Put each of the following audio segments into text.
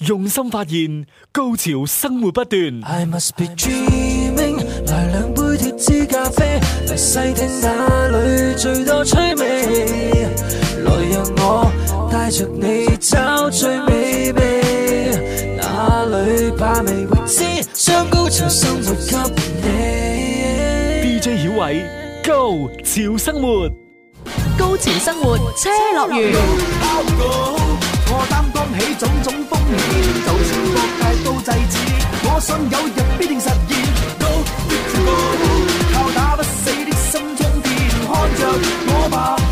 用心發現，高潮生活不斷。I must be dreaming, 來兩杯脱脂咖啡，嚟細聽那裏最多趣味。來讓我帶着你找最美味，哪裏怕未知，將高潮生活給你。DJ 小偉，Go，潮生活，高潮生活車樂園。我擔當起種種風險，就算各界都制止，我想有日必定實現。高， 越高，靠打不死的心充電，看着我吧。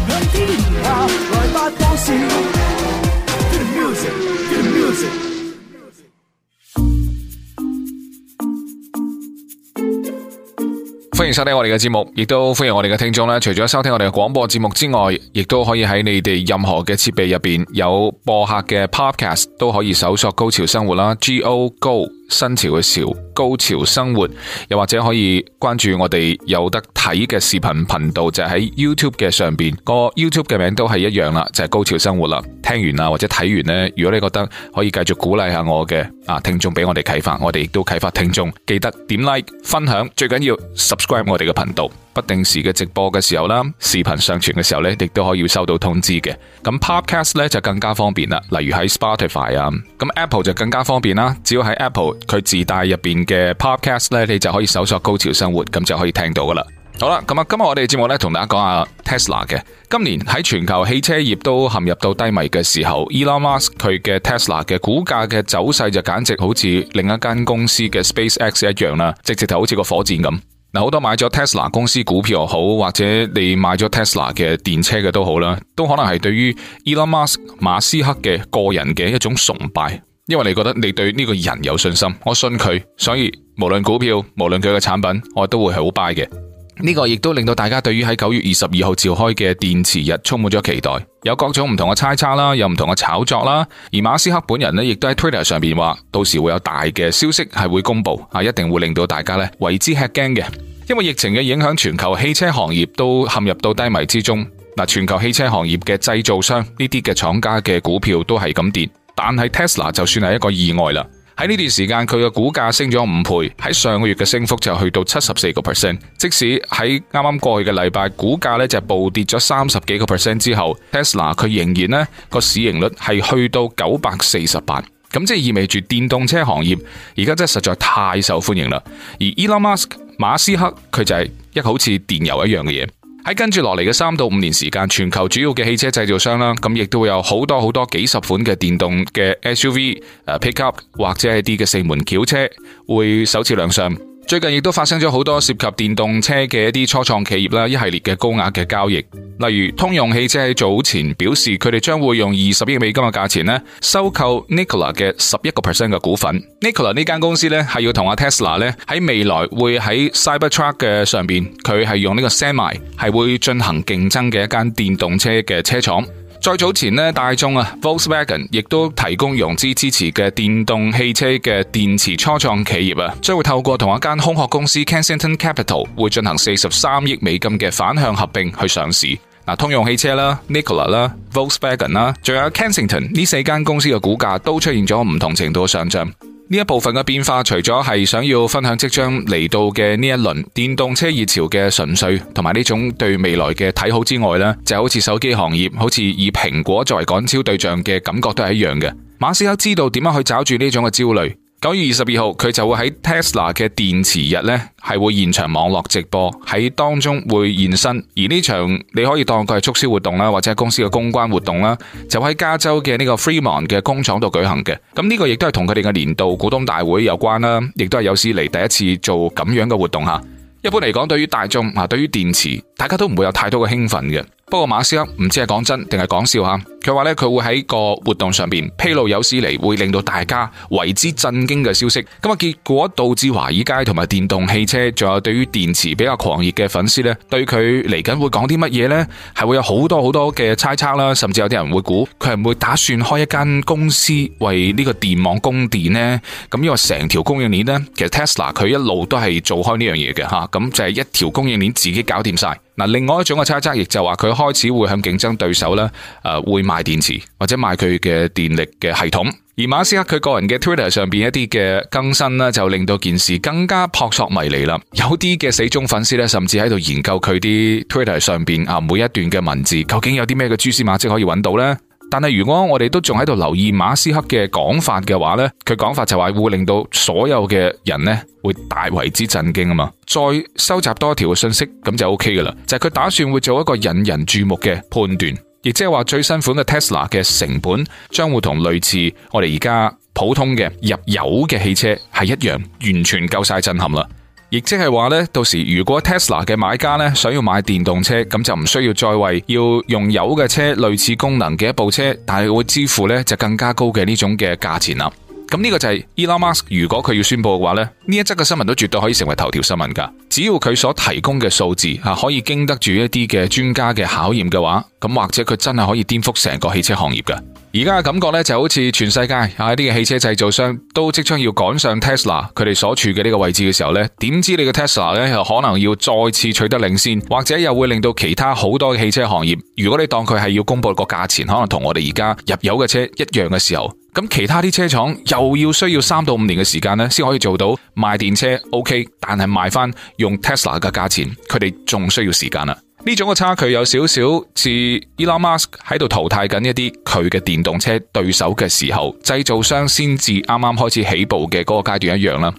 歡迎收聽我哋嘅節目，亦都歡迎我哋嘅聽眾，除咗收聽我哋嘅廣播節目之外，亦都可以喺你哋任何嘅設備入面，有播客嘅 Podcast，都可以搜索《高潮生活》啦。Go Go! 新潮嘅潮，高潮生活，又或者可以關注我哋有得睇嘅視頻頻道，就喺 YouTube 嘅上邊，個 YouTube 嘅名都係一樣啦，就係高潮生活啦。聽完啊，或者睇完呢，如果你覺得可以繼續鼓勵下我嘅啊聽眾俾我哋啟發，我哋亦都啟發聽眾，記得點 like 分享，最緊要 subscribe 我哋嘅頻道。不定時嘅直播嘅時候啦，視頻上傳嘅時候呢，亦都可以收到通知嘅。咁 podcast 呢，就更加方便啦。例如喺 Spotify 啊，咁 Apple 就更加方便啦。只要喺 Apple 佢自帶入面嘅 podcast 呢，你就可以搜索《高潮生活》，咁就可以聽到噶啦。好啦，咁啊，今日我哋節目呢，同大家講下 Tesla 嘅。今年喺全球汽車業都陷入到低迷嘅時候，Elon Musk 佢嘅 Tesla 嘅股價嘅走勢就簡直好似另一間公司嘅 SpaceX 一樣啦，直接就好似個火箭咁。好多買咗 Tesla 公司股票又好，或者你買咗 Tesla 嘅電車嘅都好啦，都可能係對於 Elon Musk 馬斯克嘅個人嘅一種崇拜，因為你覺得你對呢個人有信心，我信佢，所以無論股票，無論佢嘅產品，我都會係好 buy 嘅。呢個亦都令到大家對於喺九月二十二號召開嘅電池日充滿咗期待，有各種唔同嘅猜測啦，有唔同嘅炒作啦。而馬斯克本人呢，亦都喺 Twitter 上面話，到時會有大嘅消息係會公布，啊，一定會令到大家咧為之吃驚嘅。因為疫情嘅影響，全球汽車行業都陷入到低迷之中。嗱，全球汽車行業嘅製造商呢啲嘅廠家嘅股票都係咁跌，但係 Tesla 就算係一個意外啦。喺呢段時間佢嘅股價升咗五倍，喺上個月嘅升幅就去到七十四個 percent。即使喺啱啱過去嘅禮拜股價咧就是、暴跌咗三十幾個 percent 之後，Tesla 佢仍然呢個市盈率係去到九百四十八。咁即係意味住電動車行業而家真係實在太受歡迎啦。而 Elon Musk 馬斯克佢就係一個好似電油一樣嘅嘢。喺跟住落嚟嘅三到五年時間，全球主要嘅汽車製造商啦，咁亦都會有好多好多幾十款嘅電動嘅 SUV Pick、pickup 或者係啲嘅四門轎車會首次亮相。最近亦都發生咗好多涉及電動車嘅一啲初創企業啦，一系列嘅高額嘅交易，例如通用汽車喺早前表示佢哋將會用二十億美金嘅價錢咧收購 Nikola 嘅十一個 percent 嘅股份。Nikola 呢間公司咧係要同阿 Tesla 咧喺未來會喺 Cybertruck 嘅上邊，佢係用呢個 semi 係會進行競爭嘅一間電動車嘅車廠。再早前咧，大眾啊，Volkswagen 亦都提供融資支持嘅電動汽車嘅電池初創企業啊，將會透過同一間空殼公司 Kensington Capital 會進行四十三億美金嘅反向合併去上市。嗱，通用汽車啦，Nikola 啦，Volkswagen 啦，仲有 Kensington 呢四間公司嘅股價都出現咗唔同程度嘅上漲。呢一部分嘅變化，除咗係想要分享即將嚟到嘅呢一輪電動車熱潮嘅純粹，同埋呢種對未來嘅睇好之外，呢就係，好似手機行業，好似以蘋果作為趕超對象嘅感覺都係一樣嘅。馬斯克知道點樣去抓住呢種嘅焦慮。九月二十二號，佢就會喺 Tesla 嘅電池日呢係會現場網絡直播，喺當中會現身。而呢場你可以當佢係促銷活動啦，或者係公司嘅公關活動啦，就喺加州嘅呢個 Fremont 嘅工廠度舉行嘅。咁呢個亦都係同佢哋嘅年度股東大會有關啦，亦都係有史嚟第一次做咁樣嘅活動吓。一般嚟講，對於大眾吓，對於電池，大家都唔會有太多嘅興奮嘅。不過馬斯克唔知係講真定係講笑吓，佢話呢，佢會喺個活動上邊披露有史嚟會令到大家為之震驚嘅消息。咁啊，結果導致華爾街同埋電動汽車，仲有對於電池比較狂熱嘅粉絲呢，對佢嚟緊會講啲乜嘢呢？係會有好多好多嘅猜測啦。甚至有啲人會估佢係唔會打算開一間公司為呢個電網供電呢？咁因為成條供應鏈呢，其實 Tesla 佢一路都係做開呢樣嘢嘅吓，咁就係一條供應鏈自己搞掂晒。嗱，另外一種嘅猜測，亦就係話佢開始會向競爭對手咧，誒會賣電池或者賣佢嘅電力嘅系統。而馬斯克佢個人嘅 Twitter 上邊一啲嘅更新咧，就令到件事更加撲朔迷離啦。有啲嘅死忠粉絲咧，甚至喺度研究佢啲 Twitter 上邊啊每一段嘅文字，究竟有啲咩嘅蛛絲馬跡可以揾到咧？但係如果我哋都仲喺度留意馬斯克嘅講法嘅話呢，佢講法就話會令到所有嘅人呢會大為之震驚啊嘛！再收集多一條嘅信息，咁就 OK 噶啦。就係、是、佢打算會做一個引人注目嘅判斷，亦即係話最新款嘅 Tesla 嘅成本將會同類似我哋而家普通嘅入油嘅汽車係一樣，完全夠晒震撼啦！亦即係話咧，到時如果 Tesla 嘅買家咧想要買電動車，咁就唔需要再為要用油嘅車類似功能嘅一部車，但係會支付咧就更加高嘅呢種嘅價錢啦。咁呢個就係 Elon Musk 如果佢要宣布嘅話咧，呢一則嘅新聞都絕對可以成為頭條新聞噶。只要佢所提供嘅數字吓可以經得住一啲嘅專家嘅考驗嘅話，咁或者佢真係可以顛覆成個汽車行業噶。而家嘅感覺咧，就好似全世界啊，一啲嘅汽車製造商都即將要趕上 Tesla。佢哋所處嘅呢個位置嘅時候咧，點知你嘅 Tesla 咧又可能要再次取得領先，或者又會令到其他好多嘅汽車行業，如果你當佢係要公布個價錢，可能同我哋而家入油嘅車一樣嘅時候，咁其他啲車廠又要需要三到五年嘅時間咧，先可以做到賣電車 OK，但係賣翻用 Tesla 嘅價錢，佢哋仲需要時間啊。呢種嘅差距有少少似 Elon Musk 喺度淘汰緊一啲佢嘅電動車對手嘅時候，製造商先至啱啱開始起步嘅嗰個階段一樣啦。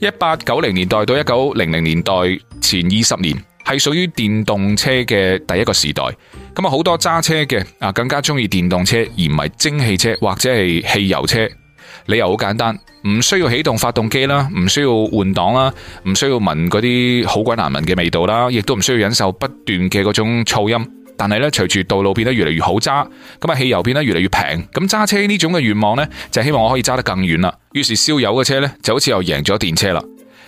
一八九零年代到一九零零年代前二十年係屬於電動車嘅第一個時代，咁啊好多揸車嘅啊更加中意電動車而唔係蒸汽車或者係汽油車。理由好簡單，唔需要啟動發動機啦，唔需要換擋啦，唔需要聞嗰啲好鬼難聞嘅味道啦，亦都唔需要忍受不斷嘅嗰種噪音。但係咧，隨住道路變得越嚟越好揸，咁啊，汽油變得越嚟越平，咁揸車呢種嘅願望呢，就希望我可以揸得更遠啦。於是燒油嘅車呢，就好似又贏咗電車啦。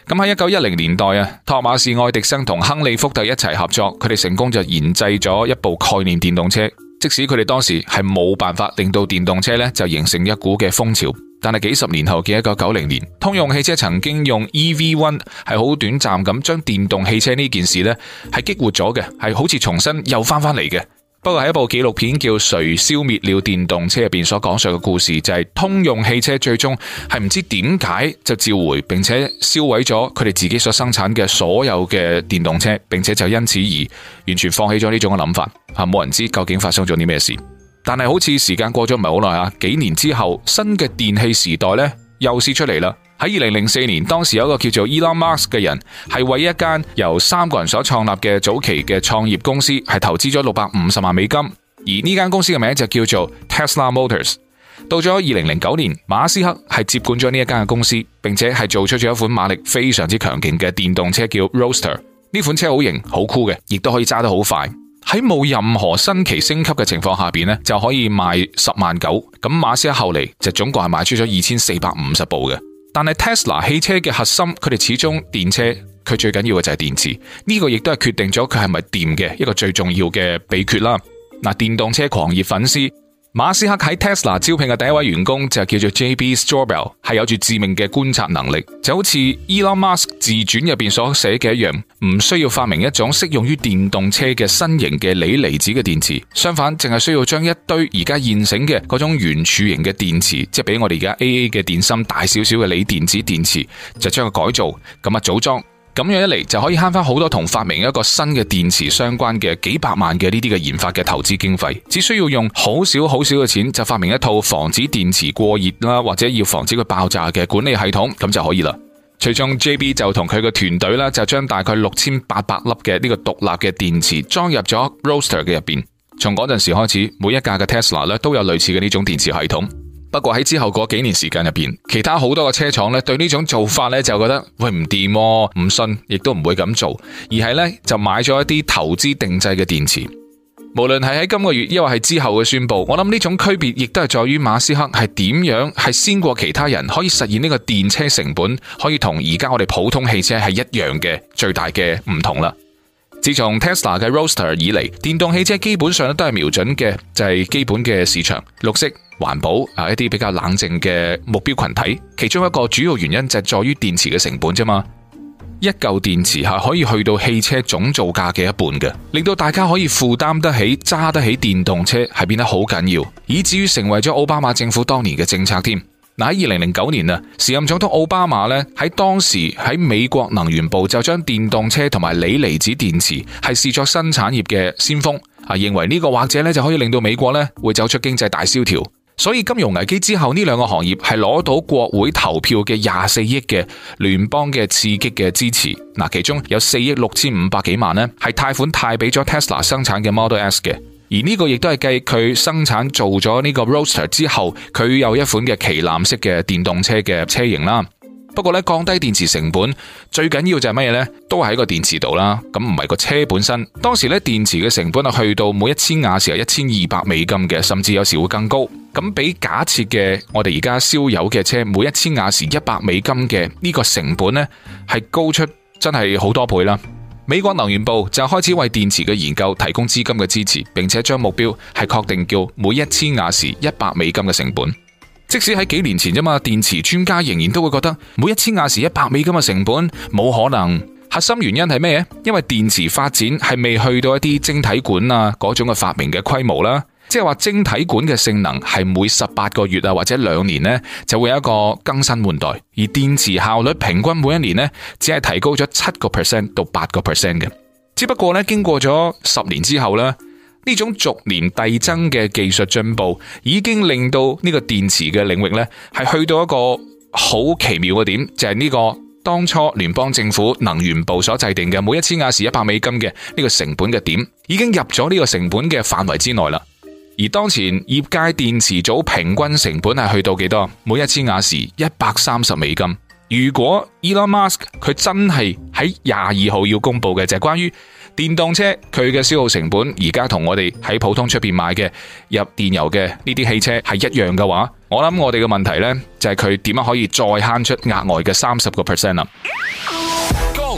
咁喺一九一零年代啊，托馬士愛迪生同亨利福特一齊合作，佢哋成功就研製咗一部概念電動車。即使佢哋當時係冇辦法令到電動車呢就形成一股嘅風潮。但係幾十年後嘅一九九零年，通用汽車曾經用 EV1 係好短暫咁將電動汽車呢件事呢係激活咗嘅，係好似重新又翻翻嚟嘅。不過喺一部紀錄片叫《誰消滅了電動車》入邊所講述嘅故事，就是，就係通用汽車最終係唔知點解就召回並且銷毀咗佢哋自己所生產嘅所有嘅電動車，並且就因此而完全放棄咗呢種嘅諗法。吓、啊，冇人知究竟發生咗啲咩事。但係好似時間過咗唔係好耐啊，幾年之後新嘅電器時代呢又試出嚟啦。喺二零零四年，當時有一個叫做 Elon Musk 嘅人，係為一間由三個人所創立嘅早期嘅創業公司，係投資咗六百五十萬美金。而呢間公司嘅名就叫做 Tesla Motors。到咗二零零九年，馬斯克係接管咗呢一間嘅公司，並且係做出咗一款馬力非常之強勁嘅電動車，叫 Roadster。呢款車好型好酷嘅，亦都可以揸得好快。喺冇任何新奇升級嘅情況下邊咧，就可以賣十萬九。咁馬斯克後嚟就總共係賣出咗二千四百五十部嘅。但係 Tesla 汽車嘅核心，佢哋始終電車，佢最緊要嘅就係電池。呢個亦都係決定咗佢係咪掂嘅一個最重要嘅秘訣啦。嗱，電動車狂熱粉絲。馬斯克喺 Tesla 招聘嘅第一位員工就叫做 J.B. Straubel，係有住致命嘅觀察能力，就好似 Elon Musk 自傳入邊所寫嘅一樣，唔需要發明一種適用於電動車嘅新型嘅鋰離子嘅電池，相反，淨係需要將一堆而家現成嘅嗰種圓柱形嘅電池，即係比我哋而家 AA 嘅電芯大少少嘅鋰離子電池，就將佢改造，咁啊組裝。咁樣一嚟就可以慳翻好多同發明一個新嘅電池相關嘅幾百萬嘅呢啲嘅研發嘅投資經費，只需要用好少好少嘅錢就發明一套防止電池過熱啦，或者要防止佢爆炸嘅管理系統咁就可以啦。其中 JB 就同佢嘅團隊啦，就將大概六千八百粒嘅呢個獨立嘅電池裝入咗 Roadster 嘅入邊。從嗰陣時開始，每一架嘅 Tesla 咧都有類似嘅呢種電池系統。不過喺之後嗰幾年時間入邊，其他好多嘅車廠咧，對呢種做法咧就覺得喂，唔掂哦，唔信亦都唔會咁做，而係咧就買咗一啲投資定製嘅電池。無論係喺今個月，抑或係之後嘅宣布，我諗呢種區別亦都係在於馬斯克係點樣係先過其他人可以實現呢個電車成本可以同而家我哋普通汽車係一樣嘅最大嘅唔同啦。自從 Tesla 嘅 Roadster 以嚟，電動汽車基本上都係瞄準嘅就係、是、基本嘅市場，綠色環保啊一啲比較冷靜嘅目標群體。其中一個主要原因就係在於電池嘅成本啫嘛，一舊電池係可以去到汽車總造價嘅一半嘅，令到大家可以負擔得起揸得起電動車係變得好緊要，以至於成為咗奧巴馬政府當年嘅政策添。嗱，喺二零零九年啊時任總統奧巴馬咧，喺當時喺美國能源部就將電動車同埋鋰離子電池係視作新產業嘅先鋒，啊認為呢個或者咧，就可以令到美國咧會走出經濟大蕭條。所以金融危機之後呢兩個行業係攞到國會投票嘅廿四億嘅聯邦嘅刺激嘅支持。嗱，其中有四億六千五百幾萬呢，係貸款貸俾咗 Tesla 生產嘅 Model S 嘅。而呢個亦都係繼佢生產做咗呢個 Roadster 之後，佢有一款嘅旗艦式嘅電動車嘅車型啦。不過呢，降低電池成本最緊要就係乜嘢呢？都係喺個電池度啦。咁唔係個車本身。當時呢，電池嘅成本係去到每一千瓦時係一千二百美金嘅，甚至有時會更高。咁比假設嘅我哋而家燒油嘅車，每一千瓦時一百美金嘅呢個成本呢，係高出真係好多倍啦。美國能源部就開始為電池嘅研究提供資金嘅支持，並且將目標係確定叫每一千瓦時一百美金嘅成本。即使喺幾年前啫嘛，電池專家仍然都會覺得每一千瓦時一百美金嘅成本冇可能。核心原因係咩？因為電池發展係未去到一啲晶體管啊嗰種嘅發明嘅規模啦。即係話，晶體管嘅性能係每十八個月啊，或者兩年呢，就會有一個更新換代。而電池效率平均每一年呢，只係提高咗七個 percent 到八個 percent 嘅。只不過咧，經過咗十年之後啦，呢種逐年遞增嘅技術進步，已經令到呢個電池嘅領域咧，係去到一個好奇妙嘅點，就係呢個當初聯邦政府能源部所制定嘅每一千瓦時一百美金嘅呢個成本嘅點，已經入咗呢個成本嘅範圍之內啦。而當前業界電池組平均成本係去到幾多？每一千瓦時一百三十美金。如果 Elon Musk 佢真係喺廿二號要公布嘅就係、是、關於電動車佢嘅消耗成本，而家同我哋喺普通出邊買嘅入電油嘅呢啲汽車係一樣嘅話，我諗我哋嘅問題呢，就係佢點樣可以再慳出額外嘅三十個 percent 啊？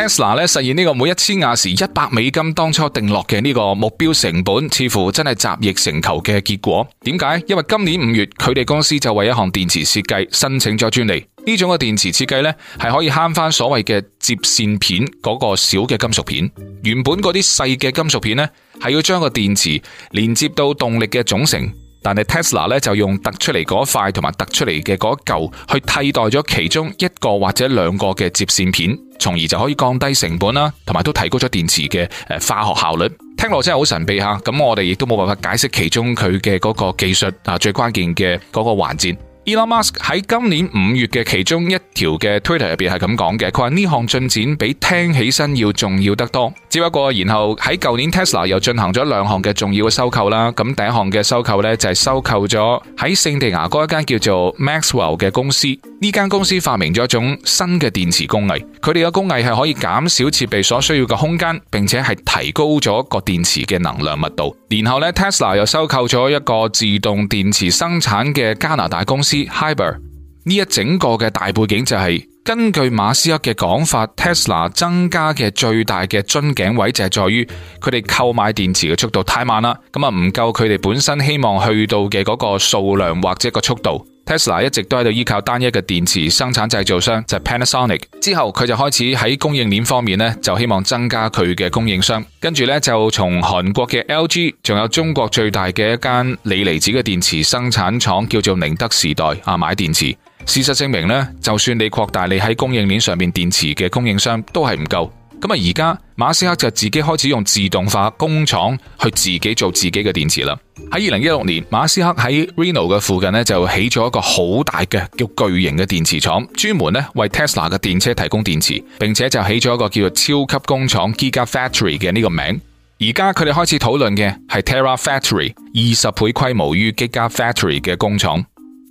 Tesla 咧實現呢個每一千瓦時一百美金當初定落嘅呢個目標成本，似乎真係集腋成裘嘅結果。點解？因為今年五月佢哋公司就為一項電池設計申請咗專利。呢種嘅電池設計呢，係可以慳翻所謂嘅接線片嗰個小嘅金屬片。原本嗰啲細嘅金屬片呢，係要將個電池連接到動力嘅總成。但係 Tesla 咧，就用突出嚟嗰一塊同埋突出嚟嘅嗰一嚿去替代咗其中一個或者兩個嘅接線片，從而就可以降低成本啦，同埋都提高咗電池嘅化學效率。聽落真係好神秘吓，咁我哋亦都冇辦法解釋其中佢嘅嗰個技術，最關鍵嘅嗰個環節。Elon Musk 喺今年五月嘅其中一條嘅 Twitter 入邊係咁講嘅，佢話呢項進展比聽起身要重要得多。只不過然後喺舊年 Tesla 又進行咗兩項嘅重要嘅收購啦，咁第一項嘅收購咧就係收購咗喺聖地牙哥一間叫做 Maxwell 嘅公司，呢間公司發明咗一種新嘅電池工藝，佢哋嘅工藝係可以減少設備所需要嘅空間，並且係提高咗個電池嘅能量密度。然後咧 Tesla 又收購咗一個自動電池生產嘅加拿大公司。Hiber 呢一整個嘅大背景就係、是、根據馬斯克嘅講法，Tesla 增加嘅最大嘅樽頸位就係在於佢哋購買電池嘅速度太慢啦，咁啊唔夠佢哋本身希望去到嘅嗰個數量或者個速度。Tesla 一直都喺度依靠單一嘅電池生產製造商就是，Panasonic。之後佢就開始喺供應鏈方面呢，就希望增加佢嘅供應商。跟住呢，就從韓國嘅 LG，仲有中國最大嘅一間鋰離子嘅電池生產廠叫做寧德時代啊買電池。事實證明呢，就算你擴大你喺供應鏈上面電池嘅供應商，都係唔夠。咁啊！而家馬斯克就自己開始用自動化工廠去自己做自己嘅電池啦。喺二零一六年，馬斯克喺 Reno 嘅附近呢，就起咗一個好大嘅叫巨型嘅電池廠，專門呢為 Tesla 嘅電車提供電池，並且就起咗一個叫做超級工廠 Giga Factory 嘅呢個名。而家佢哋開始討論嘅係 Terra Factory，二十倍規模於 Giga Factory 嘅工廠。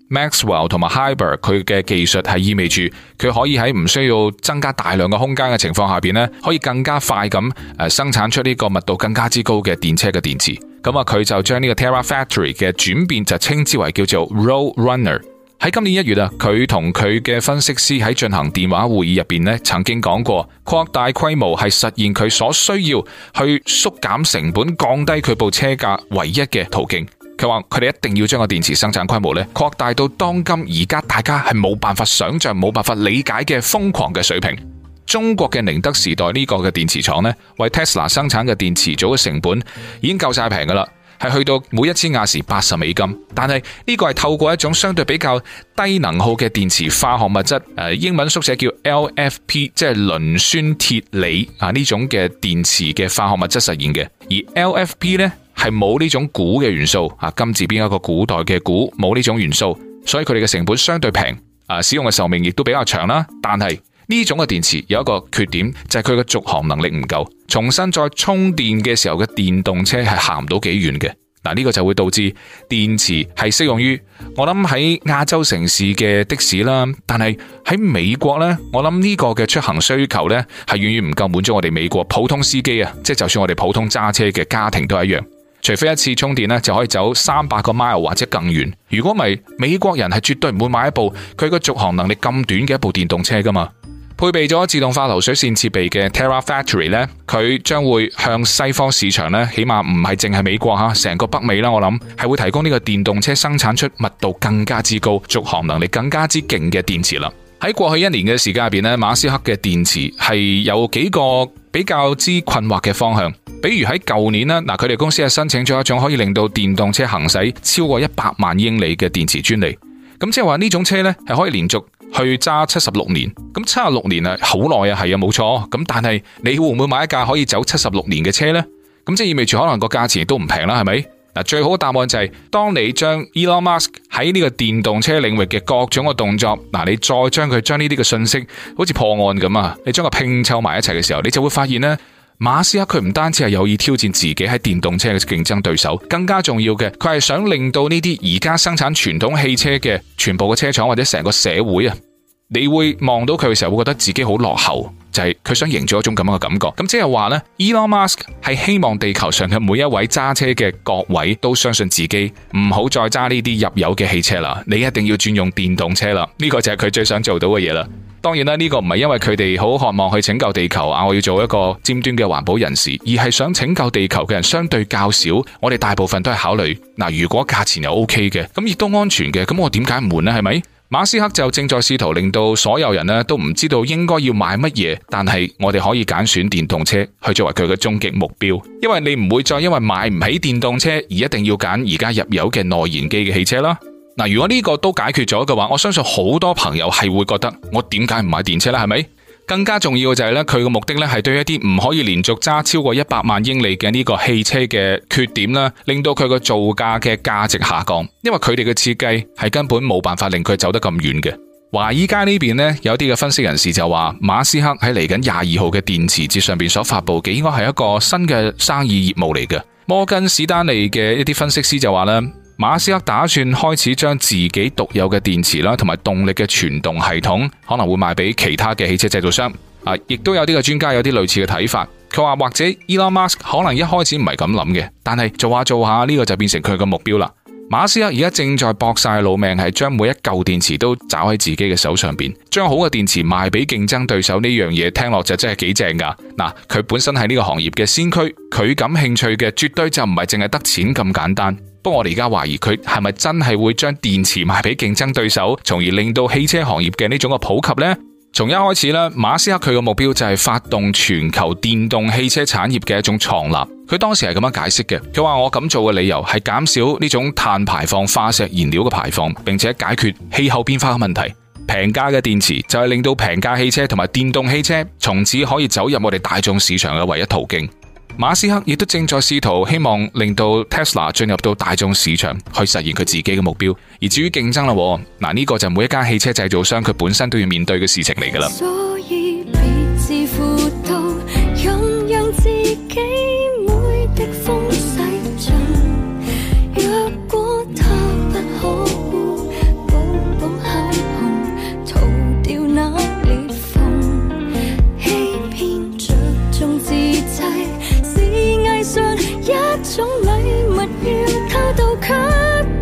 Maxwell 同埋 Hibar 佢嘅技術係意味住佢可以喺唔需要增加大量嘅空間嘅情況下邊呢，可以更加快咁誒生產出呢個密度更加之高嘅電車嘅電池。咁啊，佢就將呢個 Terra Factory 嘅轉變就稱之為叫做 Road Runner。喺今年一月啊，佢同佢嘅分析師喺進行電話會議入邊呢，曾經講過，擴大規模係實現佢所需要去縮減成本、降低佢部車價唯一嘅途徑。佢話佢哋一定要將個電池生產規模咧擴大到當今而家大家係冇辦法想象，冇辦法理解嘅瘋狂嘅水平。中國嘅寧德時代呢個嘅電池廠呢，為 Tesla 生產嘅電池組嘅成本已經夠晒平㗎喇，係去到每一千瓦時八十美金。但係呢個係透過一種相對比較低能耗嘅電池化學物質，誒，英文縮寫叫 LFP，即係磷酸鐵鋰啊呢種嘅電池嘅化學物質實現嘅。而 LFP 呢？係冇呢種鈷嘅元素啊，金字邊一個古代嘅古，冇呢種元素，所以佢哋嘅成本相對平啊，使用嘅壽命亦都比較長啦。但係呢種嘅電池有一個缺點就係佢嘅續航能力唔夠，重新再充電嘅時候嘅電動車係行唔到幾遠嘅嗱。呢個就會導致電池係適用於我諗喺亞洲城市嘅的，的士啦，但係喺美國呢，我諗呢個嘅出行需求呢，係遠遠唔夠滿足我哋美國普通司機啊，即、就、係、是、就算我哋普通揸車嘅家庭都係一樣。除非一次充電咧就可以走三百個 mile 或者更遠，如果唔係美國人係絕對唔會買一部佢個續航能力咁短嘅一部電動車噶嘛。配備咗自動化流水線設備嘅 Terra Factory 咧，佢將會向西方市場咧，起碼唔係淨係美國吓，成個北美啦，我諗係會提供呢個電動車生產出密度更加之高、續航能力更加之勁嘅電池啦。喺過去一年嘅時間入邊咧，馬斯克嘅電池係有幾個比較之困惑嘅方向。比如喺舊年呢，嗱，佢哋公司係申請咗一種可以令到電動車行駛超過一百萬英里嘅電池專利，咁即係話呢種車呢係可以連續去揸七十六年，咁七十六年啊好耐啊，係啊冇錯，咁但係你會唔會買一架可以走七十六年嘅車呢？咁即係意味住可能個價錢都唔平啦，係咪？嗱，最好答案就係當你將 Elon Musk 喺呢個電動車領域嘅各種嘅動作，嗱，你再將佢將呢啲嘅信息，好似破案咁啊，你將佢拼湊埋一齊嘅時候，你就會發現呢。馬斯克佢唔單止係有意挑戰自己喺電動車嘅競爭對手，更加重要嘅，佢係想令到呢啲而家生產傳統汽車嘅全部嘅車廠或者成個社會啊，你會望到佢嘅時候，會覺得自己好落後，就係佢想營造一種咁樣嘅感覺。咁即係話呢 Elon Musk 係希望地球上嘅每一位揸車嘅各位都相信自己，唔好再揸呢啲入油嘅汽車啦，你一定要轉用電動車啦，呢個就係佢最想做到嘅嘢啦。當然啦，呢個唔係因為佢哋好渴望去拯救地球啊！我要做一個尖端嘅環保人士，而係想拯救地球嘅人相對較少。我哋大部分都係考慮，嗱，如果價錢又 OK 嘅，咁亦都安全嘅，咁我點解唔換呢？係咪？馬斯克就正在試圖令到所有人呢都唔知道應該要買乜嘢，但係我哋可以揀選，選電動車去作為佢嘅終極目標，因為你唔會再因為買唔起電動車而一定要揀而家入油嘅內燃機嘅汽車啦。嗱，如果呢個都解決咗嘅話，我相信好多朋友係會覺得我點解唔買電車啦？係咪？更加重要嘅就係咧，佢嘅目的咧係對一啲唔可以連續揸超過一百萬英里嘅呢個汽車嘅缺點啦，令到佢個造價嘅價值下降。因為佢哋嘅設計係根本冇辦法令佢走得咁遠嘅。華爾街呢邊呢，有啲嘅分析人士就話，馬斯克喺嚟緊廿二號嘅電池節上邊所發佈嘅，應該係一個新嘅生意業務嚟嘅。摩根史丹利嘅一啲分析師就話咧。馬斯克打算開始將自己獨有嘅電池啦，同埋動力嘅傳動系統，可能會賣俾其他嘅汽車製造商。啊，亦都有啲個專家有啲類似嘅睇法。佢話或者 Elon Musk 可能一開始唔係咁諗嘅，但係做下做下呢個就變成佢嘅目標啦。馬斯克而家正在搏晒老命，係將每一嚿電池都揸喺自己嘅手上邊，將好嘅電池賣俾競爭對手呢樣嘢，聽落就真係幾正噶。嗱、啊，佢本身係呢個行業嘅先驅，佢感興趣嘅絕對就唔係淨係得錢咁簡單。我哋而家懷疑佢係咪真係會將電池賣俾競爭對手，從而令到汽車行業嘅呢種嘅普及呢？從一開始呢，馬斯克佢嘅目標就係發動全球電動汽車產業嘅一種創立。佢當時係咁樣解釋嘅，佢話我咁做嘅理由係減少呢種碳排放化石燃料嘅排放，並且解決氣候變化嘅問題。平價嘅電池就係令到平價汽車同埋電動汽車從此可以走入我哋大眾市場嘅唯一途徑。馬斯克亦都正在試圖希望令到 Tesla 進入到大眾市場，去實現佢自己嘅目標。而至於競爭啦，嗱、這、呢個就每一家汽車製造商佢本身都要面對嘅事情嚟噶啦。